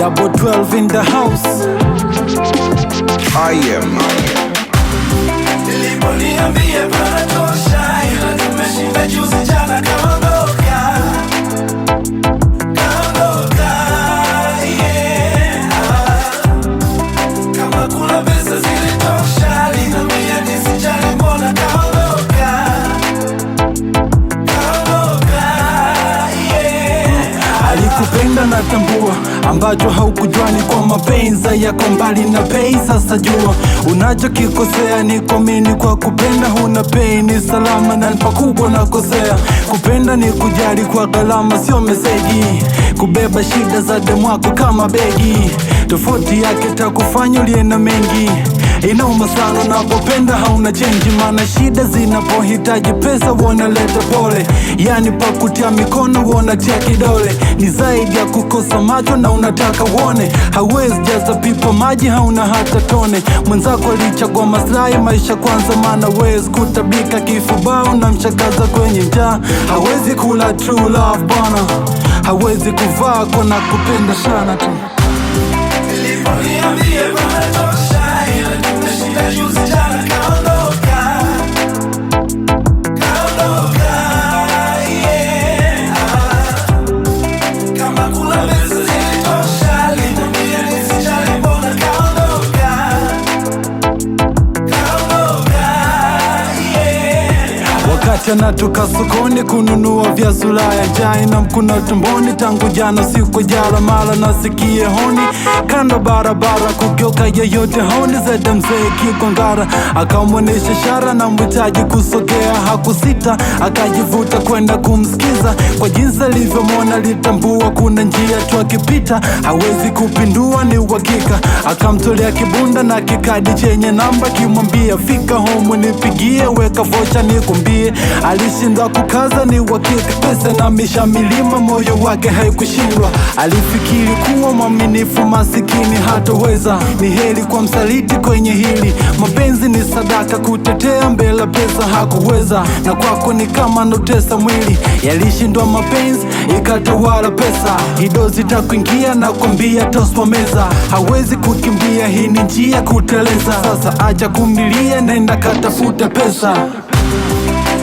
Double 12 in the house. I am. kupenda na tambua, ambacho haukujua ni kwa mapenza yako mbali na pei Sasa jua unachokikosea ni kwa kwa kupenda huna pei Ni salama na pakubwa nakosea, kupenda ni kujali kwa gharama, sio meseji, kubeba shida za demu wako kama begi. Tofauti yake takufanya uliye mengi Inauma sana unapopenda hauna chenji, maana shida zinapohitaji pesa wanaleta pole. Yani pakutia mikono wanatia kidole, ni zaidi ya kukosa macho na unataka uone. Hawezi jaza pipa maji, hauna hata tone. Mwenzako alichagua maslahi maisha kwanza, maana wezi kutabika kifubao na mshakaza kwenye njaa. Hawezi kula true love bana, hawezi kuvaa kona kupenda shana tu na tuka sokoni kununua vyazulaya jai na mkuna tumboni tangu jana siku jara mara nasikie honi kando barabara kugeuka yeyote honi zaida mzee kikongara akamwonyesha shara na mhitaji kusogea hakusita akajivuta kwenda kumsikiza kwa jinsi alivyomwona litambua kuna njia tu akipita hawezi kupindua ni uhakika akamtolea kibunda na kikadi chenye namba kimwambia fika homu nipigie weka vocha nikumbie alishindwa kukaza, ni uhakika. Pesa na misha milima, moyo wake haikushindwa. Alifikiri kuwa mwaminifu masikini hatoweza, ni heri kwa msaliti kwenye hili. Mapenzi ni sadaka, kutetea mbele pesa hakuweza, na kwako ni kama notesa mwili. Yalishindwa mapenzi, ikatawala pesa, hidozi takuingia na kuambia toswa meza, hawezi kukimbia, hii ni njia kuteleza. Sasa acha kumlilia, nenda katafute pesa.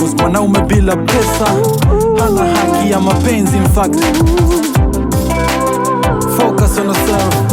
Cause mwanaume bila pesa hana haki ya mapenzi in fact. Focus on yourself.